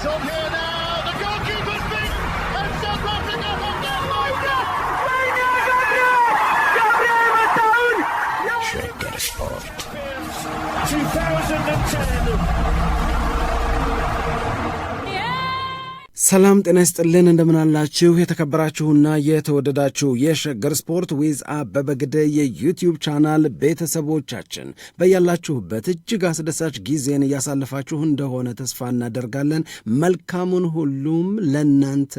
It's okay. ሰላም ጤና ይስጥልን እንደምናላችሁ የተከበራችሁና የተወደዳችሁ የሸገር ስፖርት ዊዝ አበበ ግደይ ቻናል ቤተሰቦቻችን በያላችሁበት እጅግ አስደሳች ጊዜን እያሳለፋችሁ እንደሆነ ተስፋ እናደርጋለን። መልካሙን ሁሉም ለናንተ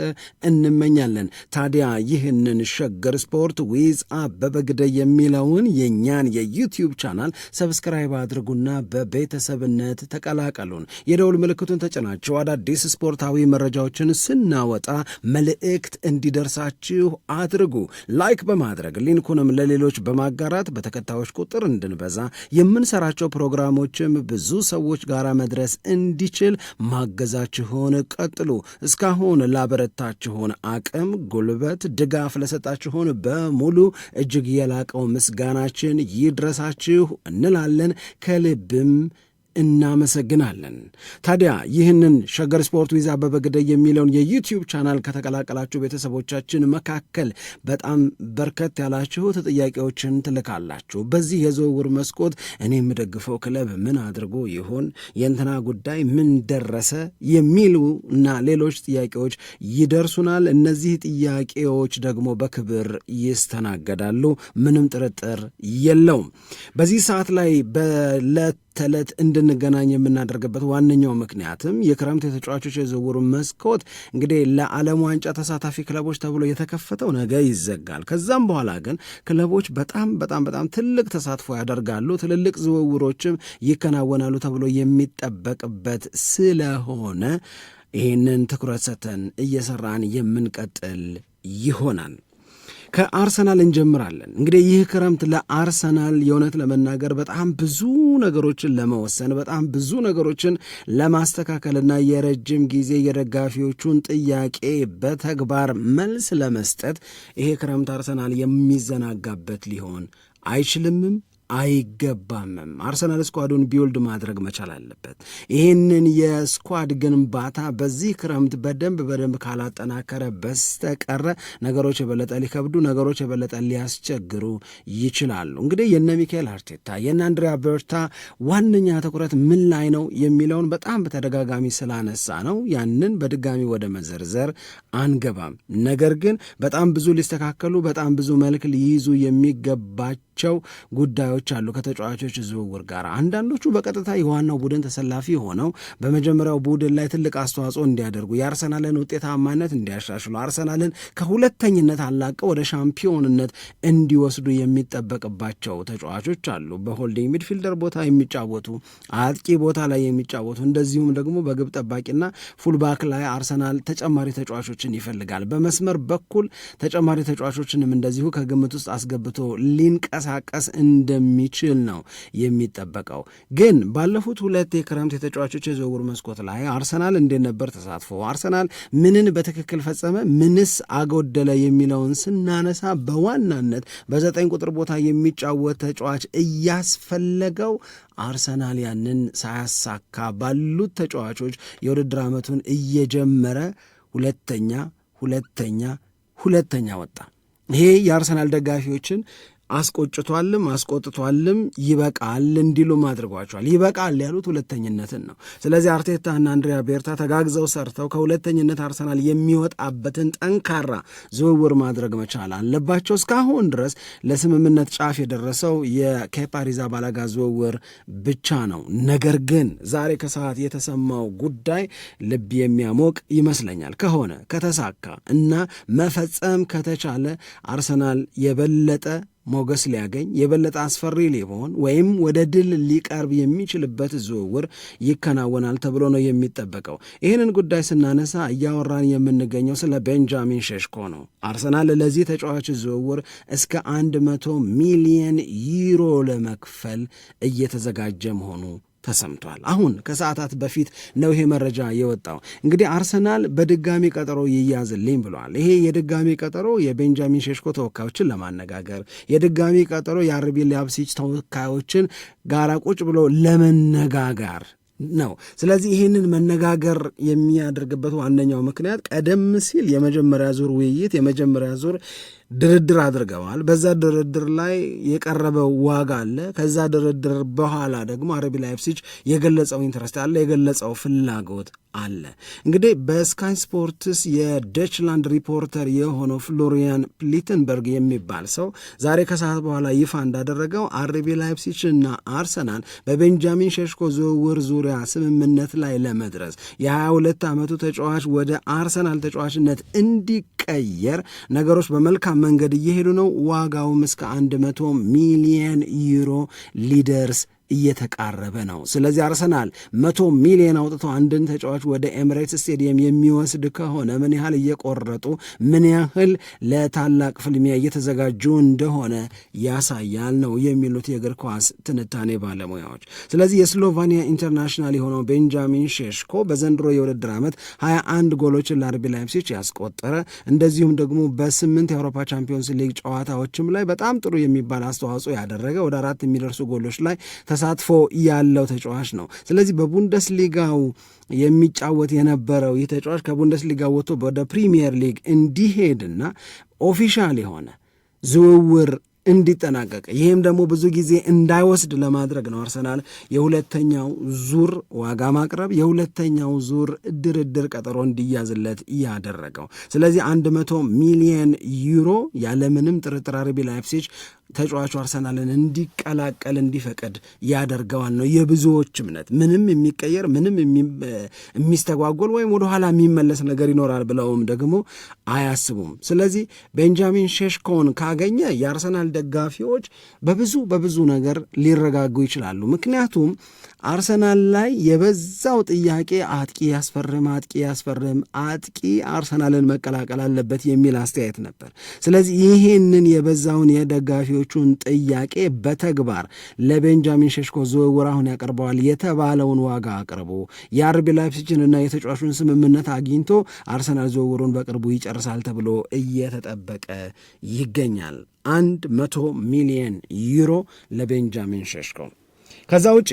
እንመኛለን። ታዲያ ይህንን ሸገር ስፖርት ዊዝ አበበ ግደይ የሚለውን የእኛን የዩትዩብ ቻናል ሰብስክራይብ አድርጉና በቤተሰብነት ተቀላቀሉን። የደውል ምልክቱን ተጭናችሁ አዳዲስ ስፖርታዊ መረጃዎች ቪዲዮዎችን ስናወጣ መልእክት እንዲደርሳችሁ አድርጉ። ላይክ በማድረግ ሊንኩንም ለሌሎች በማጋራት በተከታዮች ቁጥር እንድንበዛ የምንሰራቸው ፕሮግራሞችም ብዙ ሰዎች ጋር መድረስ እንዲችል ማገዛችሁን ቀጥሉ። እስካሁን ላበረታችሁን አቅም፣ ጉልበት፣ ድጋፍ ለሰጣችሁን በሙሉ እጅግ የላቀው ምስጋናችን ይድረሳችሁ እንላለን ከልብም እናመሰግናለን። ታዲያ ይህንን ሸገር ስፖርት ዊዝ አበበ ግደይ የሚለውን የዩቲዩብ ቻናል ከተቀላቀላችሁ ቤተሰቦቻችን መካከል በጣም በርከት ያላችሁ ጥያቄዎችን ትልካላችሁ። በዚህ የዝውውር መስኮት እኔ የምደግፈው ክለብ ምን አድርጎ ይሆን፣ የእንትና ጉዳይ ምን ደረሰ የሚሉ እና ሌሎች ጥያቄዎች ይደርሱናል። እነዚህ ጥያቄዎች ደግሞ በክብር ይስተናገዳሉ። ምንም ጥርጥር የለውም። በዚህ ሰዓት ላይ በለት ተዕለት እንድንገናኝ የምናደርግበት ዋነኛው ምክንያትም የክረምት የተጫዋቾች የዝውውር መስኮት እንግዲህ ለዓለም ዋንጫ ተሳታፊ ክለቦች ተብሎ የተከፈተው ነገ ይዘጋል። ከዛም በኋላ ግን ክለቦች በጣም በጣም በጣም ትልቅ ተሳትፎ ያደርጋሉ፣ ትልልቅ ዝውውሮችም ይከናወናሉ ተብሎ የሚጠበቅበት ስለሆነ ይህንን ትኩረት ሰተን እየሰራን የምንቀጥል ይሆናል። ከአርሰናል እንጀምራለን። እንግዲህ ይህ ክረምት ለአርሰናል የእውነት ለመናገር በጣም ብዙ ነገሮችን ለመወሰን በጣም ብዙ ነገሮችን ለማስተካከልና የረጅም ጊዜ የደጋፊዎቹን ጥያቄ በተግባር መልስ ለመስጠት ይሄ ክረምት አርሰናል የሚዘናጋበት ሊሆን አይችልምም አይገባምም። አርሰናል ስኳዱን ቢውልድ ማድረግ መቻል አለበት። ይህንን የስኳድ ግንባታ በዚህ ክረምት በደንብ በደንብ ካላጠናከረ በስተቀረ ነገሮች የበለጠ ሊከብዱ፣ ነገሮች የበለጠ ሊያስቸግሩ ይችላሉ። እንግዲህ የነ ሚካኤል አርቴታ የነ አንድሪያ በርታ ዋነኛ ትኩረት ምን ላይ ነው የሚለውን በጣም በተደጋጋሚ ስላነሳ ነው ያንን በድጋሚ ወደ መዘርዘር አንገባም። ነገር ግን በጣም ብዙ ሊስተካከሉ፣ በጣም ብዙ መልክ ሊይዙ የሚገባቸው ጉዳዮች ጉዳዮች አሉ ከተጫዋቾች ዝውውር ጋር። አንዳንዶቹ በቀጥታ የዋናው ቡድን ተሰላፊ ሆነው በመጀመሪያው ቡድን ላይ ትልቅ አስተዋጽኦ እንዲያደርጉ፣ የአርሰናልን ውጤታማነት እንዲያሻሽሉ፣ አርሰናልን ከሁለተኝነት አላቀው ወደ ሻምፒዮንነት እንዲወስዱ የሚጠበቅባቸው ተጫዋቾች አሉ። በሆልዲንግ ሚድፊልደር ቦታ የሚጫወቱ አጥቂ ቦታ ላይ የሚጫወቱ እንደዚሁም ደግሞ በግብ ጠባቂና ፉልባክ ላይ አርሰናል ተጨማሪ ተጫዋቾችን ይፈልጋል። በመስመር በኩል ተጨማሪ ተጫዋቾችንም እንደዚሁ ከግምት ውስጥ አስገብቶ ሊንቀሳቀስ እንደሚ እንደሚችል ነው የሚጠበቀው። ግን ባለፉት ሁለት የክረምት የተጫዋቾች የዝውውር መስኮት ላይ አርሰናል እንዴት ነበር ተሳትፎ፣ አርሰናል ምንን በትክክል ፈጸመ፣ ምንስ አጎደለ የሚለውን ስናነሳ በዋናነት በዘጠኝ ቁጥር ቦታ የሚጫወት ተጫዋች እያስፈለገው አርሰናል ያንን ሳያሳካ ባሉት ተጫዋቾች የውድድር ዓመቱን እየጀመረ ሁለተኛ ሁለተኛ ሁለተኛ ወጣ። ይሄ የአርሰናል ደጋፊዎችን አስቆጭቷልም አስቆጥቷልም ይበቃል እንዲሉም አድርጓቸዋል። ይበቃል ያሉት ሁለተኝነትን ነው። ስለዚህ አርቴታና አንድሪያ ቤርታ ተጋግዘው ሰርተው ከሁለተኝነት አርሰናል የሚወጣበትን ጠንካራ ዝውውር ማድረግ መቻል አለባቸው። እስካሁን ድረስ ለስምምነት ጫፍ የደረሰው የኬፓ አሪዛባላጋ ዝውውር ብቻ ነው። ነገር ግን ዛሬ ከሰዓት የተሰማው ጉዳይ ልብ የሚያሞቅ ይመስለኛል። ከሆነ ከተሳካ እና መፈጸም ከተቻለ አርሰናል የበለጠ ሞገስ ሊያገኝ የበለጠ አስፈሪ ሊሆን ወይም ወደ ድል ሊቀርብ የሚችልበት ዝውውር ይከናወናል ተብሎ ነው የሚጠበቀው። ይህንን ጉዳይ ስናነሳ እያወራን የምንገኘው ስለ ቤንጃሚን ሸሽኮ ነው። አርሰናል ለዚህ ተጫዋች ዝውውር እስከ አንድ መቶ ሚሊየን ዩሮ ለመክፈል እየተዘጋጀ መሆኑ ተሰምቷል። አሁን ከሰዓታት በፊት ነው ይሄ መረጃ የወጣው። እንግዲህ አርሰናል በድጋሚ ቀጠሮ ይያዝልኝ ብለዋል። ይሄ የድጋሚ ቀጠሮ የቤንጃሚን ሸሽኮ ተወካዮችን ለማነጋገር የድጋሚ ቀጠሮ የአርቢ ሊያብሲች ተወካዮችን ጋራ ቁጭ ብሎ ለመነጋገር ነው። ስለዚህ ይህንን መነጋገር የሚያደርግበት ዋነኛው ምክንያት ቀደም ሲል የመጀመሪያ ዙር ውይይት የመጀመሪያ ዙር ድርድር አድርገዋል። በዛ ድርድር ላይ የቀረበው ዋጋ አለ። ከዛ ድርድር በኋላ ደግሞ አረቢ ላይፕሲጅ የገለጸው ኢንትረስት አለ፣ የገለጸው ፍላጎት አለ። እንግዲህ በስካይ ስፖርትስ የደችላንድ ሪፖርተር የሆነው ፍሎሪያን ፕሊትንበርግ የሚባል ሰው ዛሬ ከሰዓት በኋላ ይፋ እንዳደረገው አርቢ ላይፕሲች እና አርሰናል በቤንጃሚን ሸሽኮ ዝውውር ዙሪያ ስምምነት ላይ ለመድረስ የ22 ዓመቱ ተጫዋች ወደ አርሰናል ተጫዋችነት እንዲቀየር ነገሮች በመልካም መንገድ እየሄዱ ነው። ዋጋውም እስከ 100 ሚሊየን ዩሮ ሊደርስ እየተቃረበ ነው። ስለዚህ አርሰናል መቶ ሚሊዮን አውጥቶ አንድን ተጫዋች ወደ ኤምሬት ስቴዲየም የሚወስድ ከሆነ ምን ያህል እየቆረጡ ምን ያህል ለታላቅ ፍልሚያ እየተዘጋጁ እንደሆነ ያሳያል ነው የሚሉት የእግር ኳስ ትንታኔ ባለሙያዎች። ስለዚህ የስሎቫኒያ ኢንተርናሽናል የሆነው ቤንጃሚን ሼሽኮ በዘንድሮ የውድድር ዓመት 21 ጎሎችን ለአርቢ ላይፕሲች ያስቆጠረ እንደዚሁም ደግሞ በስምንት የአውሮፓ ቻምፒዮንስ ሊግ ጨዋታዎችም ላይ በጣም ጥሩ የሚባል አስተዋጽኦ ያደረገ ወደ አራት የሚደርሱ ጎሎች ላይ ተሳትፎ ያለው ተጫዋች ነው። ስለዚህ በቡንደስሊጋው የሚጫወት የነበረው ይህ ተጫዋች ከቡንደስሊጋ ወጥቶ ወደ ፕሪሚየር ሊግ እንዲሄድና ኦፊሻል የሆነ ዝውውር እንዲጠናቀቅ ይህም ደግሞ ብዙ ጊዜ እንዳይወስድ ለማድረግ ነው። አርሰናል የሁለተኛው ዙር ዋጋ ማቅረብ የሁለተኛው ዙር ድርድር ቀጠሮ እንዲያዝለት ያደረገው። ስለዚህ 100 ሚሊየን ዩሮ ያለምንም ጥርጥር አርቢ ላይፕሲች ተጫዋቹ አርሰናልን እንዲቀላቀል እንዲፈቅድ ያደርገዋል ነው የብዙዎች እምነት። ምንም የሚቀየር ምንም የሚስተጓጎል ወይም ወደኋላ የሚመለስ ነገር ይኖራል ብለውም ደግሞ አያስቡም። ስለዚህ ቤንጃሚን ሼሽኮን ካገኘ የአርሰናል ደጋፊዎች በብዙ በብዙ ነገር ሊረጋጉ ይችላሉ። ምክንያቱም አርሰናል ላይ የበዛው ጥያቄ አጥቂ ያስፈርም፣ አጥቂ ያስፈርም፣ አጥቂ አርሰናልን መቀላቀል አለበት የሚል አስተያየት ነበር። ስለዚህ ይህንን የበዛውን የደጋፊዎቹን ጥያቄ በተግባር ለቤንጃሚን ሸሽኮ ዝውውር አሁን ያቀርበዋል የተባለውን ዋጋ አቅርቦ የአርቢ ላይፕሲጅንና የተጫዋቹን ስምምነት አግኝቶ አርሰናል ዝውውሩን በቅርቡ ይጨርሳል ተብሎ እየተጠበቀ ይገኛል። አንድ መቶ ሚሊየን ዩሮ ለቤንጃሚን ሸሽኮ። ከዛ ውጪ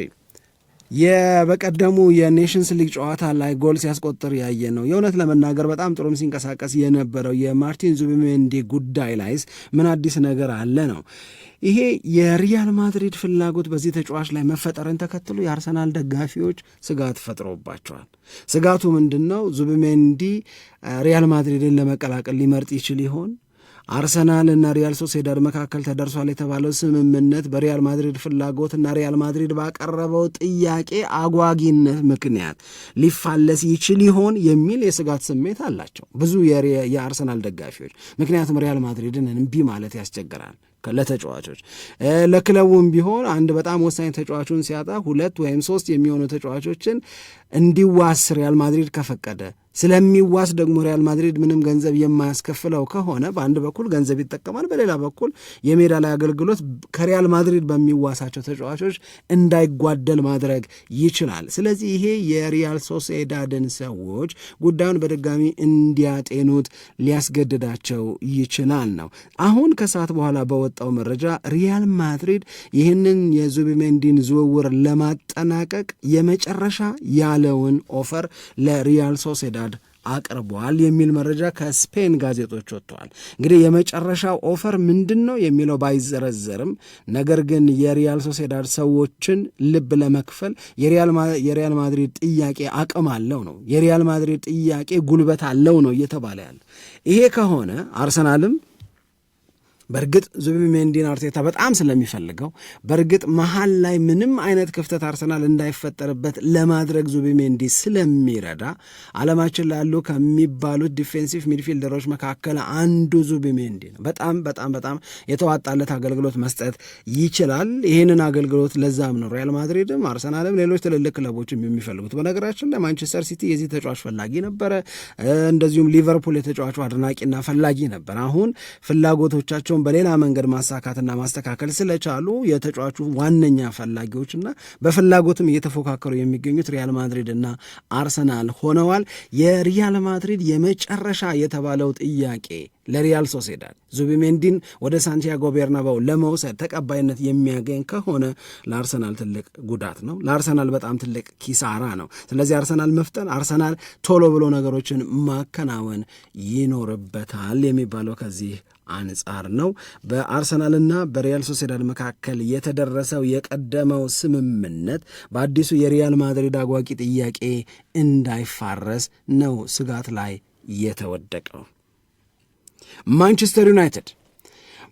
የበቀደሙ የኔሽንስ ሊግ ጨዋታ ላይ ጎል ሲያስቆጥር ያየ ነው። የእውነት ለመናገር በጣም ጥሩም ሲንቀሳቀስ የነበረው የማርቲን ዙቢሜንዲ ጉዳይ ላይስ ምን አዲስ ነገር አለ ነው? ይሄ የሪያል ማድሪድ ፍላጎት በዚህ ተጫዋች ላይ መፈጠርን ተከትሎ የአርሰናል ደጋፊዎች ስጋት ፈጥሮባቸዋል። ስጋቱ ምንድን ነው? ዙቢሜንዲ ሪያል ማድሪድን ለመቀላቀል ሊመርጥ ይችል ይሆን? አርሰናል እና ሪያል ሶሴዳድ መካከል ተደርሷል የተባለው ስምምነት በሪያል ማድሪድ ፍላጎት እና ሪያል ማድሪድ ባቀረበው ጥያቄ አጓጊነት ምክንያት ሊፋለስ ይችል ይሆን የሚል የስጋት ስሜት አላቸው ብዙ የአርሰናል ደጋፊዎች። ምክንያቱም ሪያል ማድሪድን እንቢ ማለት ያስቸግራል ለተጫዋቾች ለክለቡም ቢሆን አንድ በጣም ወሳኝ ተጫዋቹን ሲያጣ ሁለት ወይም ሶስት የሚሆኑ ተጫዋቾችን እንዲዋስ ሪያል ማድሪድ ከፈቀደ ስለሚዋስ ደግሞ ሪያል ማድሪድ ምንም ገንዘብ የማያስከፍለው ከሆነ በአንድ በኩል ገንዘብ ይጠቀማል፣ በሌላ በኩል የሜዳ ላይ አገልግሎት ከሪያል ማድሪድ በሚዋሳቸው ተጫዋቾች እንዳይጓደል ማድረግ ይችላል። ስለዚህ ይሄ የሪያል ሶሴዳድን ሰዎች ጉዳዩን በድጋሚ እንዲያጤኑት ሊያስገድዳቸው ይችላል ነው። አሁን ከሰዓት በኋላ በወጣው መረጃ ሪያል ማድሪድ ይህንን የዙቢሜንዲን ዝውውር ለማጠናቀቅ የመጨረሻ ያለውን ኦፈር ለሪያል ሶሴዳ አቅርቧል የሚል መረጃ ከስፔን ጋዜጦች ወጥተዋል። እንግዲህ የመጨረሻው ኦፈር ምንድን ነው የሚለው ባይዘረዘርም፣ ነገር ግን የሪያል ሶሴዳድ ሰዎችን ልብ ለመክፈል የሪያል ማድሪድ ጥያቄ አቅም አለው ነው የሪያል ማድሪድ ጥያቄ ጉልበት አለው ነው እየተባለ ያለ ይሄ ከሆነ አርሰናልም በእርግጥ ዙቢሜንዲን አርቴታ በጣም ስለሚፈልገው በእርግጥ መሀል ላይ ምንም አይነት ክፍተት አርሰናል እንዳይፈጠርበት ለማድረግ ዙቢሜንዲ ስለሚረዳ አለማችን ላሉ ከሚባሉት ዲፌንሲቭ ሚድፊልደሮች መካከል አንዱ ዙቢሜንዲ ነው። በጣም በጣም በጣም የተዋጣለት አገልግሎት መስጠት ይችላል። ይህንን አገልግሎት ለዛም ነው ሪያል ማድሪድም አርሰናልም ሌሎች ትልልቅ ክለቦችም የሚፈልጉት። በነገራችን ላይ ማንቸስተር ሲቲ የዚህ ተጫዋች ፈላጊ ነበረ። እንደዚሁም ሊቨርፑል የተጫዋቹ አድናቂና ፈላጊ ነበር። አሁን ፍላጎቶቻቸው ግባቸውን በሌላ መንገድ ማሳካትና ማስተካከል ስለቻሉ የተጫዋቹ ዋነኛ ፈላጊዎችና በፍላጎትም እየተፎካከሩ የሚገኙት ሪያል ማድሪድ እና አርሰናል ሆነዋል። የሪያል ማድሪድ የመጨረሻ የተባለው ጥያቄ ለሪያል ሶሴዳድ ዙቢሜንዲን ወደ ሳንቲያጎ ቤርናባው ለመውሰድ ተቀባይነት የሚያገኝ ከሆነ ለአርሰናል ትልቅ ጉዳት ነው፣ ለአርሰናል በጣም ትልቅ ኪሳራ ነው። ስለዚህ አርሰናል መፍጠን፣ አርሰናል ቶሎ ብሎ ነገሮችን ማከናወን ይኖርበታል የሚባለው ከዚህ አንጻር ነው። በአርሰናልና በሪያል ሶሴዳድ መካከል የተደረሰው የቀደመው ስምምነት በአዲሱ የሪያል ማድሪድ አጓቂ ጥያቄ እንዳይፋረስ ነው ስጋት ላይ የተወደቀው። ማንቸስተር ዩናይትድ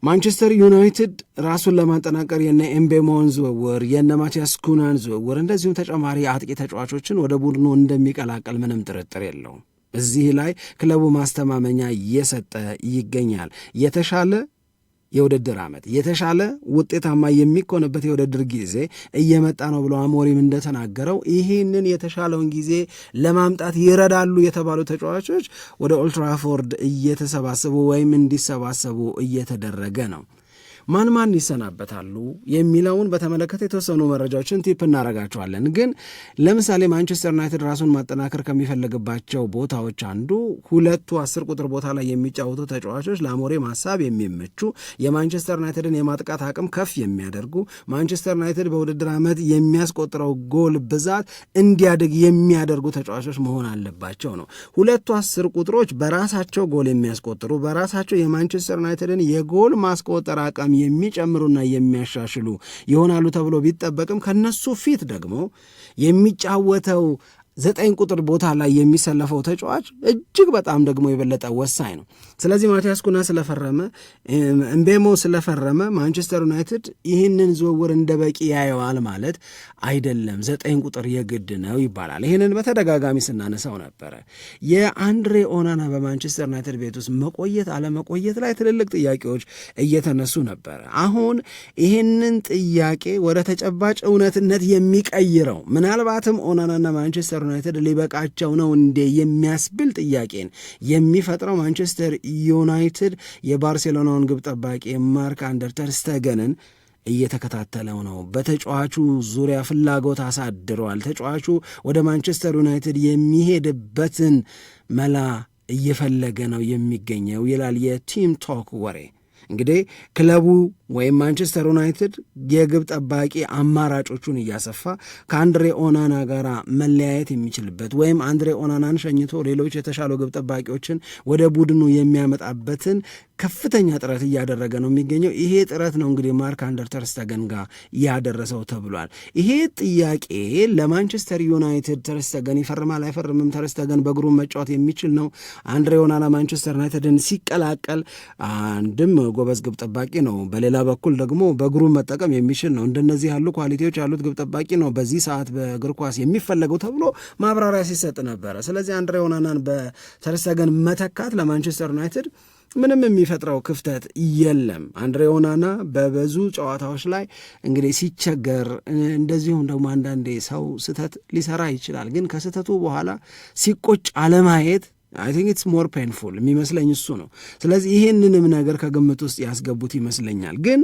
ማንቸስተር ዩናይትድ ራሱን ለማጠናቀር የነ ኤምቤሞን ዝውውር የነ ማቲያስ ኩናን ዝውውር እንደዚሁም ተጨማሪ አጥቂ ተጫዋቾችን ወደ ቡድኑ እንደሚቀላቀል ምንም ጥርጥር የለውም። እዚህ ላይ ክለቡ ማስተማመኛ እየሰጠ ይገኛል። የተሻለ የውድድር ዓመት የተሻለ ውጤታማ የሚኮንበት የውድድር ጊዜ እየመጣ ነው ብሎ አሞሪም እንደተናገረው ይህንን የተሻለውን ጊዜ ለማምጣት ይረዳሉ የተባሉ ተጫዋቾች ወደ ኦልትራፎርድ እየተሰባሰቡ ወይም እንዲሰባሰቡ እየተደረገ ነው። ማን ማን ይሰናበታሉ የሚለውን በተመለከተ የተወሰኑ መረጃዎችን ቲፕ እናደርጋቸዋለን። ግን ለምሳሌ ማንቸስተር ዩናይትድ ራሱን ማጠናከር ከሚፈልግባቸው ቦታዎች አንዱ ሁለቱ አስር ቁጥር ቦታ ላይ የሚጫወቱ ተጫዋቾች ለአሞሬ ማሳብ የሚመቹ የማንቸስተር ዩናይትድን የማጥቃት አቅም ከፍ የሚያደርጉ ማንቸስተር ዩናይትድ በውድድር ዓመት የሚያስቆጥረው ጎል ብዛት እንዲያድግ የሚያደርጉ ተጫዋቾች መሆን አለባቸው ነው። ሁለቱ አስር ቁጥሮች በራሳቸው ጎል የሚያስቆጥሩ በራሳቸው የማንቸስተር ዩናይትድን የጎል ማስቆጠር አቅም የሚጨምሩና የሚያሻሽሉ ይሆናሉ ተብሎ ቢጠበቅም ከነሱ ፊት ደግሞ የሚጫወተው ዘጠኝ ቁጥር ቦታ ላይ የሚሰለፈው ተጫዋች እጅግ በጣም ደግሞ የበለጠ ወሳኝ ነው። ስለዚህ ማቲያስ ኩና ስለፈረመ፣ እምቤሞ ስለፈረመ ማንቸስተር ዩናይትድ ይህንን ዝውውር እንደ በቂ ያየዋል ማለት አይደለም። ዘጠኝ ቁጥር የግድ ነው ይባላል። ይህንን በተደጋጋሚ ስናነሳው ነበረ። የአንድሬ ኦናና በማንቸስተር ዩናይትድ ቤት ውስጥ መቆየት አለመቆየት ላይ ትልልቅ ጥያቄዎች እየተነሱ ነበረ። አሁን ይህንን ጥያቄ ወደ ተጨባጭ እውነትነት የሚቀይረው ምናልባትም ኦናናና ማንቸስተር ዩናይትድ ሊበቃቸው ነው እንዴ የሚያስብል ጥያቄን የሚፈጥረው ማንቸስተር ዩናይትድ የባርሴሎናውን ግብ ጠባቂ ማርክ አንደር እየተከታተለው ነው። በተጫዋቹ ዙሪያ ፍላጎት አሳድረዋል። ተጫዋቹ ወደ ማንቸስተር ዩናይትድ የሚሄድበትን መላ እየፈለገ ነው የሚገኘው ይላል የቲም ቶክ ወሬ። እንግዲህ ክለቡ ወይም ማንቸስተር ዩናይትድ የግብ ጠባቂ አማራጮቹን እያሰፋ ከአንድሬ ኦናና ጋር መለያየት የሚችልበት ወይም አንድሬ ኦናናን ሸኝቶ ሌሎች የተሻሉ ግብ ጠባቂዎችን ወደ ቡድኑ የሚያመጣበትን ከፍተኛ ጥረት እያደረገ ነው የሚገኘው። ይሄ ጥረት ነው እንግዲህ ማርክ አንደር ተርስተገን ጋር ያደረሰው ተብሏል። ይሄ ጥያቄ ለማንቸስተር ዩናይትድ ተርስተገን ይፈርማል አይፈርምም፣ ተርስተገን በእግሩ መጫወት የሚችል ነው፣ አንድሬ ኦናና ማንቸስተር ዩናይትድን ሲቀላቀል አንድም ጎበዝ ግብ ጠባቂ ነው፣ በሌላ በኩል ደግሞ በእግሩ መጠቀም የሚችል ነው፣ እንደነዚህ ያሉ ኳሊቲዎች ያሉት ግብ ጠባቂ ነው በዚህ ሰዓት በእግር ኳስ የሚፈለገው ተብሎ ማብራሪያ ሲሰጥ ነበረ። ስለዚህ አንድሬ ኦናናን በተርስተገን መተካት ለማንቸስተር ዩናይትድ ምንም የሚፈጥረው ክፍተት የለም። አንድሬ ኦናና በብዙ ጨዋታዎች ላይ እንግዲህ ሲቸገር፣ እንደዚሁም ደግሞ አንዳንዴ ሰው ስህተት ሊሰራ ይችላል። ግን ከስህተቱ በኋላ ሲቆጭ አለማየት አይ ቲንክ ኢትስ ሞር ፔንፉል የሚመስለኝ እሱ ነው። ስለዚህ ይህንንም ነገር ከግምት ውስጥ ያስገቡት ይመስለኛል። ግን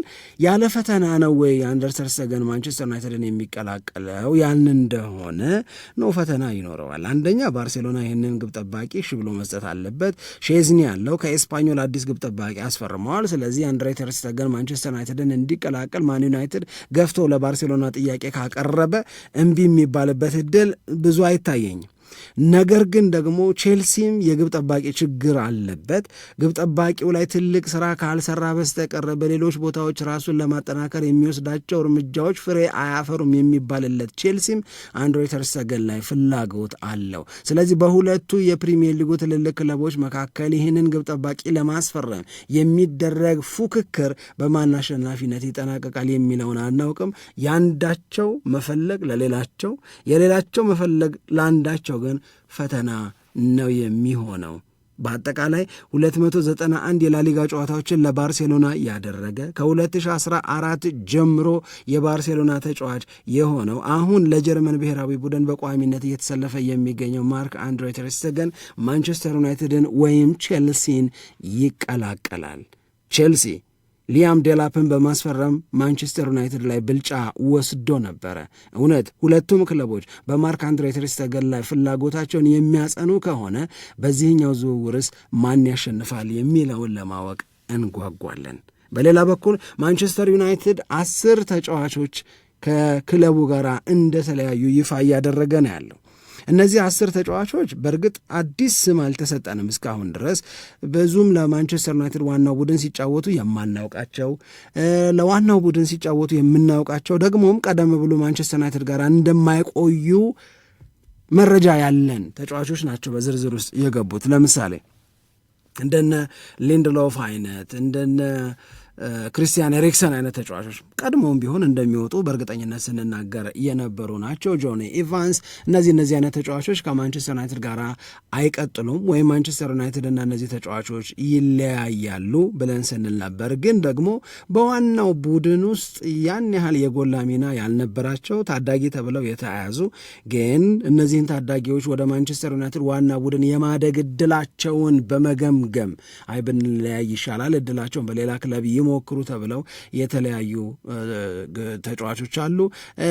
ያለ ፈተና ነው ወይ አንደር ሰገን ማንቸስተር ዩናይትድን የሚቀላቀለው ያን እንደሆነ ኖ ፈተና ይኖረዋል። አንደኛ ባርሴሎና ይህንን ግብ ጠባቂ እሺ ብሎ መስጠት አለበት። ሼዝኒ ያለው ከኤስፓኞል አዲስ ግብ ጠባቂ አስፈርመዋል። ስለዚህ አንደር ሰገን ማንቸስተር ዩናይትድን እንዲቀላቀል ማን ዩናይትድ ገፍቶ ለባርሴሎና ጥያቄ ካቀረበ እምቢ የሚባልበት እድል ብዙ አይታየኝም። ነገር ግን ደግሞ ቼልሲም የግብ ጠባቂ ችግር አለበት። ግብ ጠባቂው ላይ ትልቅ ስራ ካልሰራ በስተቀረ በሌሎች ቦታዎች ራሱን ለማጠናከር የሚወስዳቸው እርምጃዎች ፍሬ አያፈሩም የሚባልለት ቼልሲም አንድሬ ተር ሰገን ላይ ፍላጎት አለው። ስለዚህ በሁለቱ የፕሪሚየር ሊጉ ትልልቅ ክለቦች መካከል ይህንን ግብ ጠባቂ ለማስፈረም የሚደረግ ፉክክር በማን አሸናፊነት ይጠናቀቃል የሚለውን አናውቅም። የአንዳቸው መፈለግ ለሌላቸው፣ የሌላቸው መፈለግ ለአንዳቸው ግን ፈተና ነው የሚሆነው። በአጠቃላይ 291 የላሊጋ ጨዋታዎችን ለባርሴሎና ያደረገ ከ2014 ጀምሮ የባርሴሎና ተጫዋች የሆነው አሁን ለጀርመን ብሔራዊ ቡድን በቋሚነት እየተሰለፈ የሚገኘው ማርክ አንድሬ ተር ማንቸስተር ዩናይትድን ወይም ቼልሲን ይቀላቀላል። ቼልሲ ሊያም ዴላፕን በማስፈረም ማንቸስተር ዩናይትድ ላይ ብልጫ ወስዶ ነበረ። እውነት ሁለቱም ክለቦች በማርክ አንድሬ ተር ስቴገን ላይ ፍላጎታቸውን የሚያጸኑ ከሆነ በዚህኛው ዝውውርስ ማን ያሸንፋል የሚለውን ለማወቅ እንጓጓለን። በሌላ በኩል ማንቸስተር ዩናይትድ አስር ተጫዋቾች ከክለቡ ጋር እንደተለያዩ ይፋ እያደረገ ነው ያለው። እነዚህ አስር ተጫዋቾች በእርግጥ አዲስ ስም አልተሰጠንም እስካሁን ድረስ ብዙም ለማንቸስተር ዩናይትድ ዋናው ቡድን ሲጫወቱ የማናውቃቸው ለዋናው ቡድን ሲጫወቱ የምናውቃቸው ደግሞም ቀደም ብሎ ማንቸስተር ዩናይትድ ጋር እንደማይቆዩ መረጃ ያለን ተጫዋቾች ናቸው በዝርዝር ውስጥ የገቡት። ለምሳሌ እንደነ ሊንድሎፍ አይነት እንደነ ክሪስቲያን ኤሪክሰን አይነት ተጫዋቾች ቀድሞም ቢሆን እንደሚወጡ በእርግጠኝነት ስንናገር የነበሩ ናቸው። ጆኒ ኢቫንስ፣ እነዚህ እነዚህ አይነት ተጫዋቾች ከማንቸስተር ዩናይትድ ጋር አይቀጥሉም ወይም ማንቸስተር ዩናይትድ እና እነዚህ ተጫዋቾች ይለያያሉ ብለን ስንል ነበር። ግን ደግሞ በዋናው ቡድን ውስጥ ያን ያህል የጎላ ሚና ያልነበራቸው ታዳጊ ተብለው የተያያዙ ግን እነዚህን ታዳጊዎች ወደ ማንቸስተር ዩናይትድ ዋና ቡድን የማደግ እድላቸውን በመገምገም አይ ብንለያይ ይሻላል፣ እድላቸውን በሌላ ክለብ ይሞክሩ ተብለው የተለያዩ ተጫዋቾች አሉ።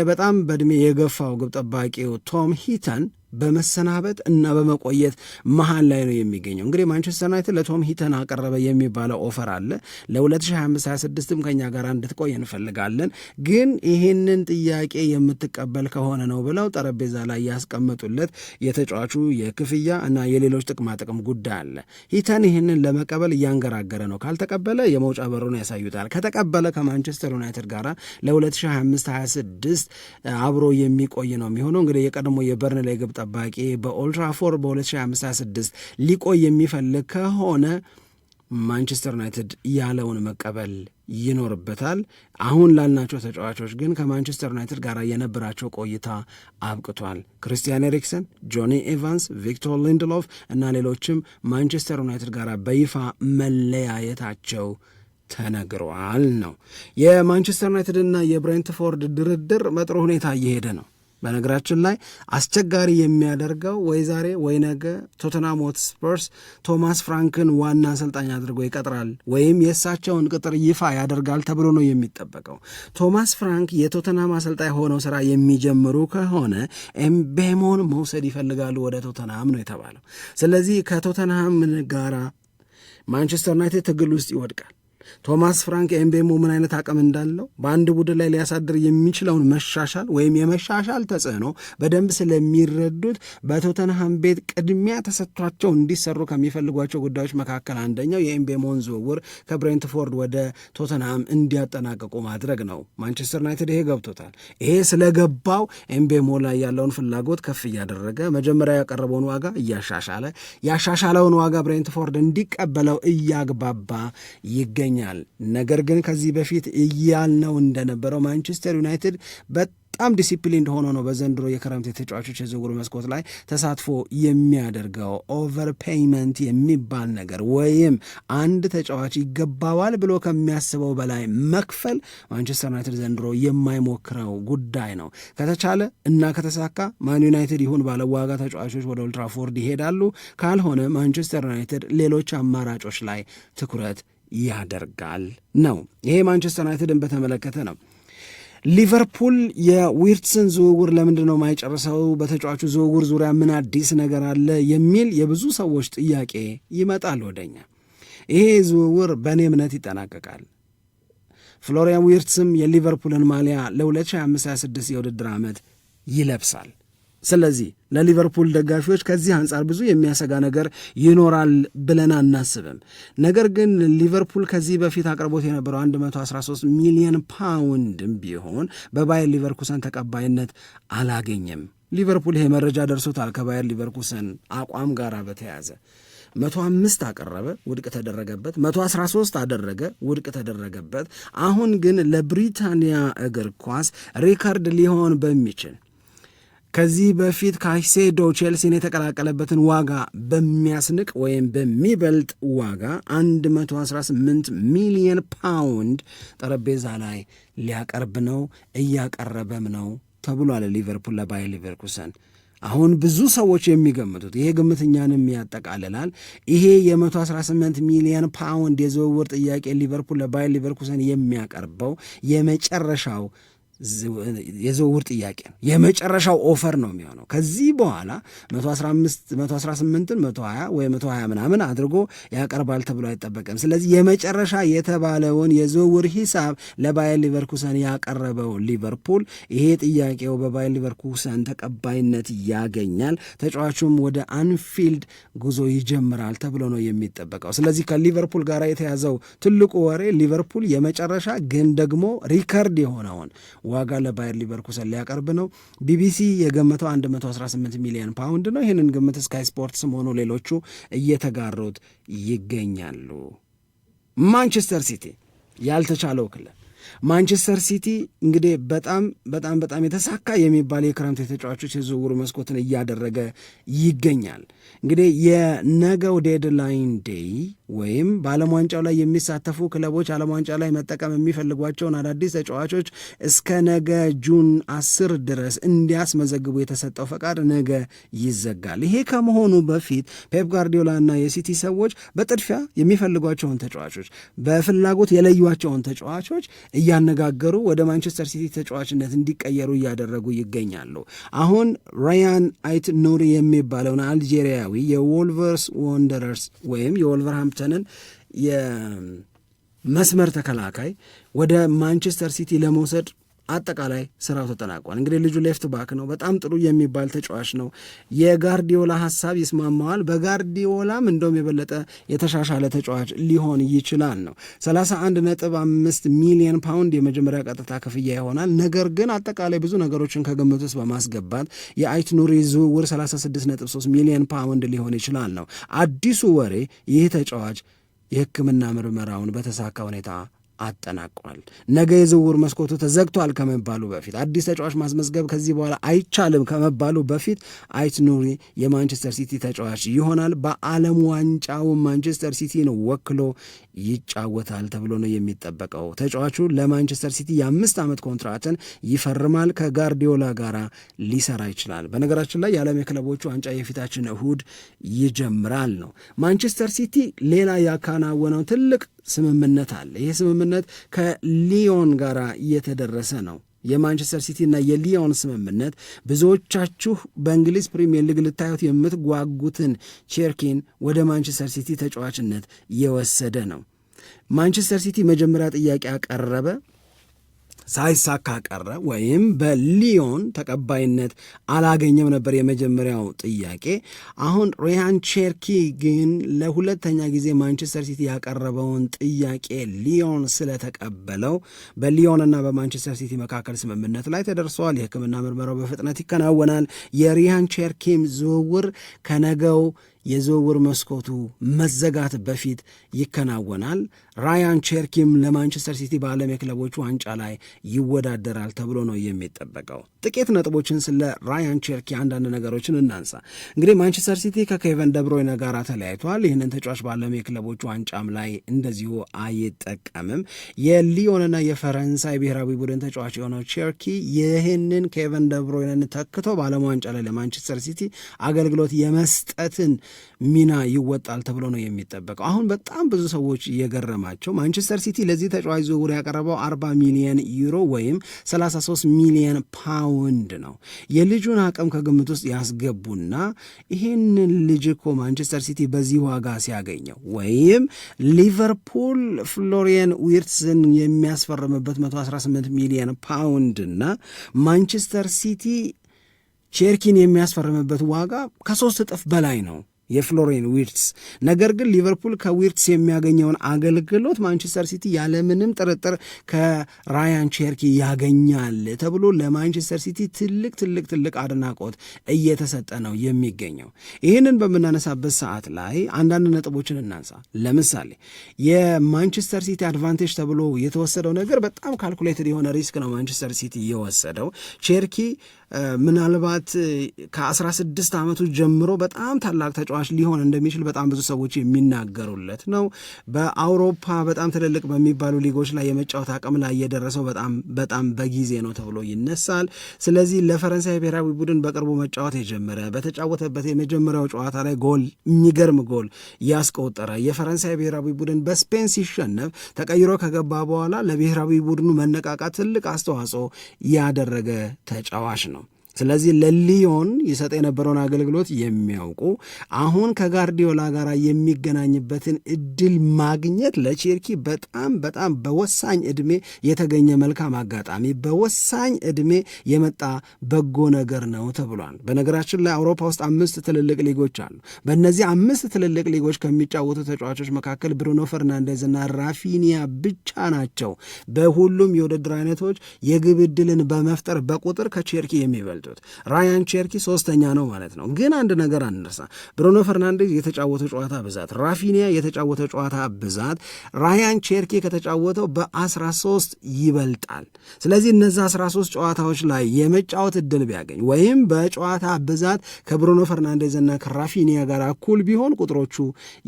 በጣም በእድሜ የገፋው ግብ ጠባቂው ቶም ሂተን በመሰናበት እና በመቆየት መሀል ላይ ነው የሚገኘው። እንግዲህ ማንቸስተር ዩናይትድ ለቶም ሂተን አቀረበ የሚባለው ኦፈር አለ። ለ2025/26ም ከኛ ጋር እንድትቆይ እንፈልጋለን፣ ግን ይህንን ጥያቄ የምትቀበል ከሆነ ነው ብለው ጠረጴዛ ላይ ያስቀመጡለት የተጫዋቹ የክፍያ እና የሌሎች ጥቅማ ጥቅም ጉዳይ አለ። ሂተን ይህንን ለመቀበል እያንገራገረ ነው። ካልተቀበለ የመውጫ በሩን ያሳዩታል። ከተቀበለ ከማንቸስተር ዩናይትድ ጋር ለ2025/26 አብሮ የሚቆይ ነው የሚሆነው። እንግዲህ የቀድሞ ላይ ግብ ጠባቂ በኦልትራፎር በ2056 ሊቆይ የሚፈልግ ከሆነ ማንቸስተር ዩናይትድ ያለውን መቀበል ይኖርበታል። አሁን ላልናቸው ተጫዋቾች ግን ከማንቸስተር ዩናይትድ ጋር የነበራቸው ቆይታ አብቅቷል። ክሪስቲያን ኤሪክሰን፣ ጆኒ ኤቫንስ፣ ቪክቶር ሊንድሎፍ እና ሌሎችም ማንቸስተር ዩናይትድ ጋር በይፋ መለያየታቸው ተነግሯል ነው። የማንቸስተር ዩናይትድና የብሬንትፎርድ ድርድር በጥሩ ሁኔታ እየሄደ ነው። በነገራችን ላይ አስቸጋሪ የሚያደርገው ወይ ዛሬ ወይ ነገ ቶተናም ሆትስፐርስ ቶማስ ፍራንክን ዋና አሰልጣኝ አድርጎ ይቀጥራል ወይም የእሳቸውን ቅጥር ይፋ ያደርጋል ተብሎ ነው የሚጠበቀው። ቶማስ ፍራንክ የቶተናም አሰልጣኝ ሆነው ስራ የሚጀምሩ ከሆነ ኤምቤሞን መውሰድ ይፈልጋሉ ወደ ቶተንሃም ነው የተባለው። ስለዚህ ከቶተንሃም ጋራ ማንቸስተር ዩናይትድ ትግል ውስጥ ይወድቃል። ቶማስ ፍራንክ ኤምቤሞ ምን አይነት አቅም እንዳለው በአንድ ቡድን ላይ ሊያሳድር የሚችለውን መሻሻል ወይም የመሻሻል ተጽዕኖ በደንብ ስለሚረዱት በቶተንሃም ቤት ቅድሚያ ተሰጥቷቸው እንዲሰሩ ከሚፈልጓቸው ጉዳዮች መካከል አንደኛው የኤምቤሞን ዝውውር ከብሬንትፎርድ ወደ ቶተንሃም እንዲያጠናቀቁ ማድረግ ነው። ማንቸስተር ዩናይትድ ይሄ ገብቶታል። ይሄ ስለገባው ኤምቤሞ ላይ ያለውን ፍላጎት ከፍ እያደረገ መጀመሪያ ያቀረበውን ዋጋ እያሻሻለ ያሻሻለውን ዋጋ ብሬንትፎርድ እንዲቀበለው እያግባባ ይገኛል። ይመስለኛል። ነገር ግን ከዚህ በፊት እያልነው እንደነበረው ማንቸስተር ዩናይትድ በጣም ዲሲፕሊን ሆኖ ነው በዘንድሮ የክረምት የተጫዋቾች የዝውውር መስኮት ላይ ተሳትፎ የሚያደርገው። ኦቨር ፔይመንት የሚባል ነገር ወይም አንድ ተጫዋች ይገባዋል ብሎ ከሚያስበው በላይ መክፈል ማንቸስተር ዩናይትድ ዘንድሮ የማይሞክረው ጉዳይ ነው። ከተቻለ እና ከተሳካ ማን ዩናይትድ ይሁን ባለዋጋ ተጫዋቾች ወደ ኦልትራፎርድ ይሄዳሉ። ካልሆነ ማንቸስተር ዩናይትድ ሌሎች አማራጮች ላይ ትኩረት ያደርጋል ነው። ይሄ ማንቸስተር ዩናይትድን በተመለከተ ነው። ሊቨርፑል የዊርትስን ዝውውር ለምንድን ነው የማይጨርሰው? በተጫዋቹ ዝውውር ዙሪያ ምን አዲስ ነገር አለ? የሚል የብዙ ሰዎች ጥያቄ ይመጣል ወደኛ። ይሄ ዝውውር በእኔ እምነት ይጠናቀቃል። ፍሎሪያን ዊርትስም የሊቨርፑልን ማሊያ ለ2025/26 የውድድር ዓመት ይለብሳል። ስለዚህ ለሊቨርፑል ደጋፊዎች ከዚህ አንጻር ብዙ የሚያሰጋ ነገር ይኖራል ብለን አናስብም። ነገር ግን ሊቨርፑል ከዚህ በፊት አቅርቦት የነበረው 113 ሚሊዮን ፓውንድም ቢሆን በባየር ሊቨርኩሰን ተቀባይነት አላገኘም። ሊቨርፑል ይሄ መረጃ ደርሶታል። ከባየር ሊቨርኩሰን አቋም ጋር በተያያዘ 105 አቀረበ፣ ውድቅ ተደረገበት። 113 አደረገ፣ ውድቅ ተደረገበት። አሁን ግን ለብሪታንያ እግር ኳስ ሪከርድ ሊሆን በሚችል ከዚህ በፊት ካይሴዶ ቼልሲን የተቀላቀለበትን ዋጋ በሚያስንቅ ወይም በሚበልጥ ዋጋ 118 ሚሊየን ፓውንድ ጠረጴዛ ላይ ሊያቀርብ ነው፣ እያቀረበም ነው ተብሏል። ሊቨርፑል ለባየር ሊቨርኩሰን አሁን ብዙ ሰዎች የሚገምቱት ይሄ ግምት ያጠቃልላል። ይሄ የ118 ሚሊየን ፓውንድ የዝውውር ጥያቄ ሊቨርፑል ለባየር ሊቨርኩሰን የሚያቀርበው የመጨረሻው የዝውውር ጥያቄ ነው። የመጨረሻው ኦፈር ነው የሚሆነው። ከዚህ በኋላ 118 120 ወይ 120 ምናምን አድርጎ ያቀርባል ተብሎ አይጠበቅም። ስለዚህ የመጨረሻ የተባለውን የዝውውር ሂሳብ ለባየር ሊቨርኩሰን ያቀረበው ሊቨርፑል ይሄ ጥያቄው በባየር ሊቨርኩሰን ተቀባይነት ያገኛል፣ ተጫዋቹም ወደ አንፊልድ ጉዞ ይጀምራል ተብሎ ነው የሚጠበቀው። ስለዚህ ከሊቨርፑል ጋር የተያዘው ትልቁ ወሬ ሊቨርፑል የመጨረሻ ግን ደግሞ ሪከርድ የሆነውን ዋጋ ለባየር ሊቨርኩሰን ሊያቀርብ ነው። ቢቢሲ የገመተው 118 ሚሊዮን ፓውንድ ነው። ይህንን ግምት ስካይ ስፖርትስም ሆኑ ሌሎቹ እየተጋሩት ይገኛሉ። ማንቸስተር ሲቲ ያልተቻለው ክለብ ማንቸስተር ሲቲ እንግዲህ በጣም በጣም በጣም የተሳካ የሚባል የክረምት የተጫዋቾች የዝውውሩ መስኮትን እያደረገ ይገኛል። እንግዲህ የነገው ዴድላይን ዴይ ወይም በዓለም ዋንጫው ላይ የሚሳተፉ ክለቦች ዓለም ዋንጫ ላይ መጠቀም የሚፈልጓቸውን አዳዲስ ተጫዋቾች እስከ ነገ ጁን አስር ድረስ እንዲያስመዘግቡ የተሰጠው ፈቃድ ነገ ይዘጋል። ይሄ ከመሆኑ በፊት ፔፕ ጋርዲዮላና የሲቲ ሰዎች በጥድፊያ የሚፈልጓቸውን ተጫዋቾች በፍላጎት የለዩቸውን ተጫዋቾች እያነጋገሩ ወደ ማንቸስተር ሲቲ ተጫዋችነት እንዲቀየሩ እያደረጉ ይገኛሉ። አሁን ራያን አይት ኑሪ የሚባለውን አልጄሪያዊ የወልቨርስ ወንደረርስ ወይም የወልቨርሃምፕተንን የመስመር ተከላካይ ወደ ማንቸስተር ሲቲ ለመውሰድ አጠቃላይ ስራው ተጠናቋል። እንግዲህ ልጁ ሌፍት ባክ ነው። በጣም ጥሩ የሚባል ተጫዋች ነው። የጋርዲዮላ ሀሳብ ይስማማዋል። በጋርዲዮላም እንደውም የበለጠ የተሻሻለ ተጫዋች ሊሆን ይችላል ነው 31 ነጥብ 5 ሚሊዮን ፓውንድ የመጀመሪያ ቀጥታ ክፍያ ይሆናል። ነገር ግን አጠቃላይ ብዙ ነገሮችን ከግምት ውስጥ በማስገባት የአይት ኑሪ ዝውውር 36.3 ሚሊዮን ፓውንድ ሊሆን ይችላል ነው አዲሱ ወሬ። ይህ ተጫዋች የህክምና ምርመራውን በተሳካ ሁኔታ አጠናቋል። ነገ የዝውውር መስኮቱ ተዘግቷል ከመባሉ በፊት አዲስ ተጫዋች ማስመዝገብ ከዚህ በኋላ አይቻልም ከመባሉ በፊት አይት ኑሪ የማንቸስተር ሲቲ ተጫዋች ይሆናል። በዓለም ዋንጫው ማንቸስተር ሲቲን ወክሎ ይጫወታል ተብሎ ነው የሚጠበቀው። ተጫዋቹ ለማንቸስተር ሲቲ የአምስት ዓመት ኮንትራትን ይፈርማል። ከጋርዲዮላ ጋር ሊሰራ ይችላል። በነገራችን ላይ የዓለም የክለቦቹ ዋንጫ የፊታችን እሁድ ይጀምራል ነው ማንቸስተር ሲቲ ሌላ ያከናወነው ትልቅ ስምምነት አለ። ይህ ስምምነት ከሊዮን ጋር የተደረሰ ነው። የማንቸስተር ሲቲ እና የሊዮን ስምምነት ብዙዎቻችሁ በእንግሊዝ ፕሪምየር ሊግ ልታዩት የምትጓጉትን ቼርኪን ወደ ማንቸስተር ሲቲ ተጫዋችነት የወሰደ ነው። ማንቸስተር ሲቲ መጀመሪያ ጥያቄ አቀረበ። ሳይሳካ ቀረ ወይም በሊዮን ተቀባይነት አላገኘም ነበር የመጀመሪያው ጥያቄ። አሁን ሪያን ቼርኪ ግን ለሁለተኛ ጊዜ ማንቸስተር ሲቲ ያቀረበውን ጥያቄ ሊዮን ስለተቀበለው በሊዮንና በማንቸስተር ሲቲ መካከል ስምምነት ላይ ተደርሰዋል። የሕክምና ምርመራው በፍጥነት ይከናወናል። የሪያን ቼርኪም ዝውውር ከነገው የዝውውር መስኮቱ መዘጋት በፊት ይከናወናል። ራያን ቼርኪም ለማንቸስተር ሲቲ በዓለም የክለቦቹ ዋንጫ ላይ ይወዳደራል ተብሎ ነው የሚጠበቀው። ጥቂት ነጥቦችን ስለ ራያን ቼርኪ አንዳንድ ነገሮችን እናንሳ። እንግዲህ ማንቸስተር ሲቲ ከኬቨን ደብሮይነ ጋር ተለያይቷል። ይህንን ተጫዋች በዓለም የክለቦቹ ዋንጫም ላይ እንደዚሁ አይጠቀምም። የሊዮንና የፈረንሳይ ብሔራዊ ቡድን ተጫዋች የሆነው ቼርኪ ይህንን ኬቨን ደብሮይነን ተክቶ በዓለም ዋንጫ ላይ ለማንቸስተር ሲቲ አገልግሎት የመስጠትን ሚና ይወጣል ተብሎ ነው የሚጠበቀው። አሁን በጣም ብዙ ሰዎች የገረማቸው ማንቸስተር ሲቲ ለዚህ ተጫዋች ዝውውር ያቀረበው 40 ሚሊየን ዩሮ ወይም 33 ሚሊየን ፓውንድ ነው። የልጁን አቅም ከግምት ውስጥ ያስገቡና ይህንን ልጅ እኮ ማንቸስተር ሲቲ በዚህ ዋጋ ሲያገኘው ወይም ሊቨርፑል ፍሎሪየን ዊርትስን የሚያስፈርምበት 118 ሚሊየን ፓውንድ እና ማንቸስተር ሲቲ ቼርኪን የሚያስፈርምበት ዋጋ ከሶስት እጥፍ በላይ ነው የፍሎሬን ዊርትስ። ነገር ግን ሊቨርፑል ከዊርትስ የሚያገኘውን አገልግሎት ማንቸስተር ሲቲ ያለምንም ጥርጥር ከራያን ቸርኪ ያገኛል ተብሎ ለማንቸስተር ሲቲ ትልቅ ትልቅ ትልቅ አድናቆት እየተሰጠ ነው የሚገኘው። ይህንን በምናነሳበት ሰዓት ላይ አንዳንድ ነጥቦችን እናንሳ። ለምሳሌ የማንቸስተር ሲቲ አድቫንቴጅ ተብሎ የተወሰደው ነገር በጣም ካልኩሌትድ የሆነ ሪስክ ነው ማንቸስተር ሲቲ የወሰደው ቸርኪ ምናልባት ከ16 ዓመቱ ጀምሮ በጣም ታላቅ ተጫዋች ሊሆን እንደሚችል በጣም ብዙ ሰዎች የሚናገሩለት ነው። በአውሮፓ በጣም ትልልቅ በሚባሉ ሊጎች ላይ የመጫወት አቅም ላይ የደረሰው በጣም በጣም በጊዜ ነው ተብሎ ይነሳል። ስለዚህ ለፈረንሳይ ብሔራዊ ቡድን በቅርቡ መጫወት የጀመረ በተጫወተበት የመጀመሪያው ጨዋታ ላይ ጎል የሚገርም ጎል ያስቆጠረ የፈረንሳይ ብሔራዊ ቡድን በስፔን ሲሸነፍ ተቀይሮ ከገባ በኋላ ለብሔራዊ ቡድኑ መነቃቃት ትልቅ አስተዋጽኦ ያደረገ ተጫዋች ነው። ስለዚህ ለሊዮን ይሰጥ የነበረውን አገልግሎት የሚያውቁ አሁን ከጋርዲዮላ ጋር የሚገናኝበትን እድል ማግኘት ለቼርኪ በጣም በጣም በወሳኝ እድሜ የተገኘ መልካም አጋጣሚ፣ በወሳኝ እድሜ የመጣ በጎ ነገር ነው ተብሏል። በነገራችን ላይ አውሮፓ ውስጥ አምስት ትልልቅ ሊጎች አሉ። በእነዚህ አምስት ትልልቅ ሊጎች ከሚጫወቱ ተጫዋቾች መካከል ብሩኖ ፈርናንዴዝ እና ራፊኒያ ብቻ ናቸው በሁሉም የውድድር አይነቶች የግብ እድልን በመፍጠር በቁጥር ከቼርኪ የሚበል የሚበልጡት። ራያን ቼርኪ ሶስተኛ ነው ማለት ነው። ግን አንድ ነገር አንርሳ፣ ብሩኖ ፈርናንዴዝ የተጫወተ ጨዋታ ብዛት፣ ራፊኒያ የተጫወተ ጨዋታ ብዛት ራያን ቼርኪ ከተጫወተው በ13 ይበልጣል። ስለዚህ እነዚ 13 ጨዋታዎች ላይ የመጫወት እድል ቢያገኝ ወይም በጨዋታ ብዛት ከብሩኖ ፈርናንዴዝና ከራፊኒያ ጋር እኩል ቢሆን ቁጥሮቹ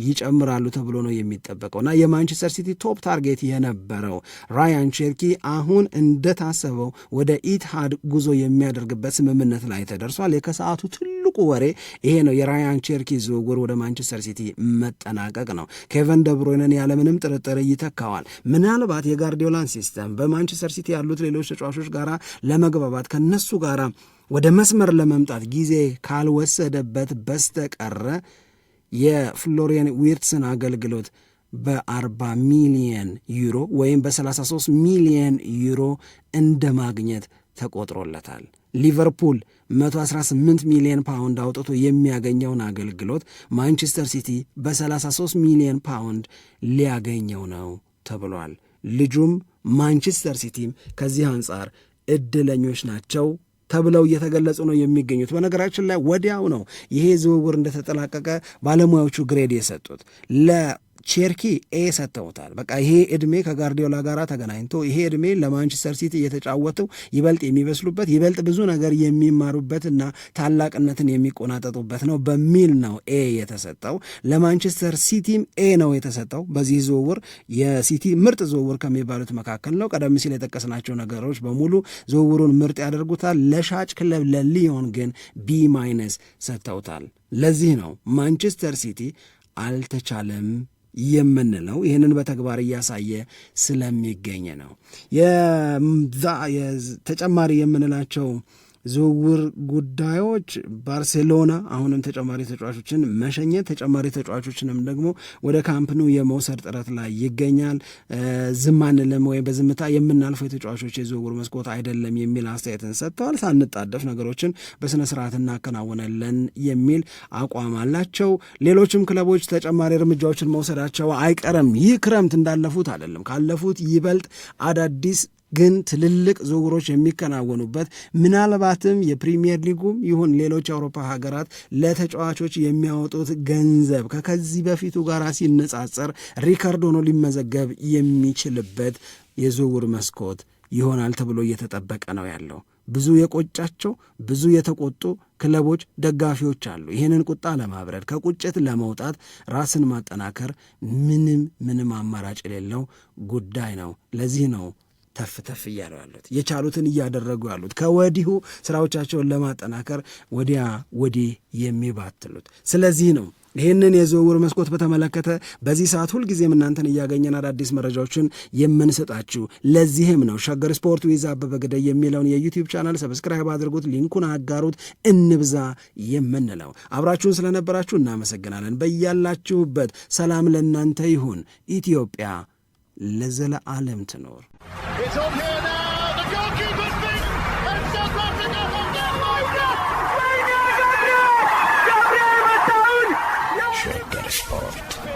ይጨምራሉ ተብሎ ነው የሚጠበቀው እና የማንቸስተር ሲቲ ቶፕ ታርጌት የነበረው ራያን ቼርኪ አሁን እንደታሰበው ወደ ኢትሃድ ጉዞ የሚያደርግበት ስምምነት ላይ ተደርሷል። የከሰዓቱ ትልቁ ወሬ ይሄ ነው፣ የራያን ቼርኪ ዝውውር ወደ ማንቸስተር ሲቲ መጠናቀቅ ነው። ኬቨን ደብሮይነን ያለምንም ጥርጥር ይተካዋል። ምናልባት የጋርዲዮላን ሲስተም በማንቸስተር ሲቲ ያሉት ሌሎች ተጫዋቾች ጋራ ለመግባባት ከነሱ ጋራ ወደ መስመር ለመምጣት ጊዜ ካልወሰደበት በስተቀረ የፍሎሪያን ዊርትስን አገልግሎት በ40 ሚሊየን ዩሮ ወይም በ33 ሚሊየን ዩሮ እንደ ማግኘት ተቆጥሮለታል። ሊቨርፑል 118 ሚሊዮን ፓውንድ አውጥቶ የሚያገኘውን አገልግሎት ማንቸስተር ሲቲ በ33 ሚሊዮን ፓውንድ ሊያገኘው ነው ተብሏል። ልጁም ማንቸስተር ሲቲም ከዚህ አንጻር እድለኞች ናቸው ተብለው እየተገለጹ ነው የሚገኙት። በነገራችን ላይ ወዲያው ነው ይሄ ዝውውር እንደተጠላቀቀ ባለሙያዎቹ ግሬድ የሰጡት ለ ቼርኪ ኤ ሰጥተውታል። በቃ ይሄ እድሜ ከጋርዲዮላ ጋር ተገናኝቶ ይሄ እድሜ ለማንቸስተር ሲቲ እየተጫወተው ይበልጥ የሚበስሉበት ይበልጥ ብዙ ነገር የሚማሩበትና ታላቅነትን የሚቆናጠጡበት ነው በሚል ነው ኤ የተሰጠው። ለማንቸስተር ሲቲም ኤ ነው የተሰጠው። በዚህ ዝውውር የሲቲ ምርጥ ዝውውር ከሚባሉት መካከል ነው። ቀደም ሲል የጠቀስናቸው ነገሮች በሙሉ ዝውውሩን ምርጥ ያደርጉታል። ለሻጭ ክለብ ለሊዮን ግን ቢ ማይነስ ሰጥተውታል። ለዚህ ነው ማንቸስተር ሲቲ አልተቻለም የምንለው ይህንን በተግባር እያሳየ ስለሚገኝ ነው። ተጨማሪ የምንላቸው ዝውውር ጉዳዮች ባርሴሎና አሁንም ተጨማሪ ተጫዋቾችን መሸኘት ተጨማሪ ተጫዋቾችንም ደግሞ ወደ ካምፕኑ የመውሰድ ጥረት ላይ ይገኛል። ዝም አንልም ወይም በዝምታ የምናልፈው የተጫዋቾች የዝውውር መስኮት አይደለም የሚል አስተያየትን ሰጥተዋል። ሳንጣደፍ ነገሮችን በስነ ስርዓት እናከናወናለን የሚል አቋም አላቸው። ሌሎችም ክለቦች ተጨማሪ እርምጃዎችን መውሰዳቸው አይቀርም። ይህ ክረምት እንዳለፉት አይደለም፣ ካለፉት ይበልጥ አዳዲስ ግን ትልልቅ ዝውውሮች የሚከናወኑበት ምናልባትም የፕሪሚየር ሊጉም ይሁን ሌሎች የአውሮፓ ሀገራት ለተጫዋቾች የሚያወጡት ገንዘብ ከከዚህ በፊቱ ጋር ሲነጻጸር ሪከርድ ሆኖ ሊመዘገብ የሚችልበት የዝውውር መስኮት ይሆናል ተብሎ እየተጠበቀ ነው ያለው። ብዙ የቆጫቸው ብዙ የተቆጡ ክለቦች፣ ደጋፊዎች አሉ። ይህንን ቁጣ ለማብረድ ከቁጭት ለመውጣት ራስን ማጠናከር ምንም ምንም አማራጭ የሌለው ጉዳይ ነው። ለዚህ ነው ተፍ ተፍ እያሉ ያሉት የቻሉትን እያደረጉ ያሉት ከወዲሁ ስራዎቻቸውን ለማጠናከር ወዲያ ወዲህ የሚባትሉት ስለዚህ ነው። ይህንን የዝውውር መስኮት በተመለከተ በዚህ ሰዓት ሁልጊዜም እናንተን እያገኘን አዳዲስ መረጃዎችን የምንሰጣችሁ። ለዚህም ነው ሸገር ስፖርት ዊዝ አበበ ግደይ የሚለውን የዩቲዩብ ቻናል ሰብስክራይብ አድርጉት፣ ሊንኩን አጋሩት፣ እንብዛ የምንለው። አብራችሁን ስለነበራችሁ እናመሰግናለን። በያላችሁበት ሰላም ለእናንተ ይሁን። ኢትዮጵያ ለዘለዓለም ትኖር። ሸገር ስፖርት